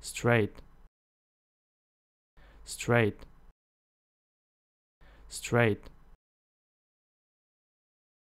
straight straight straight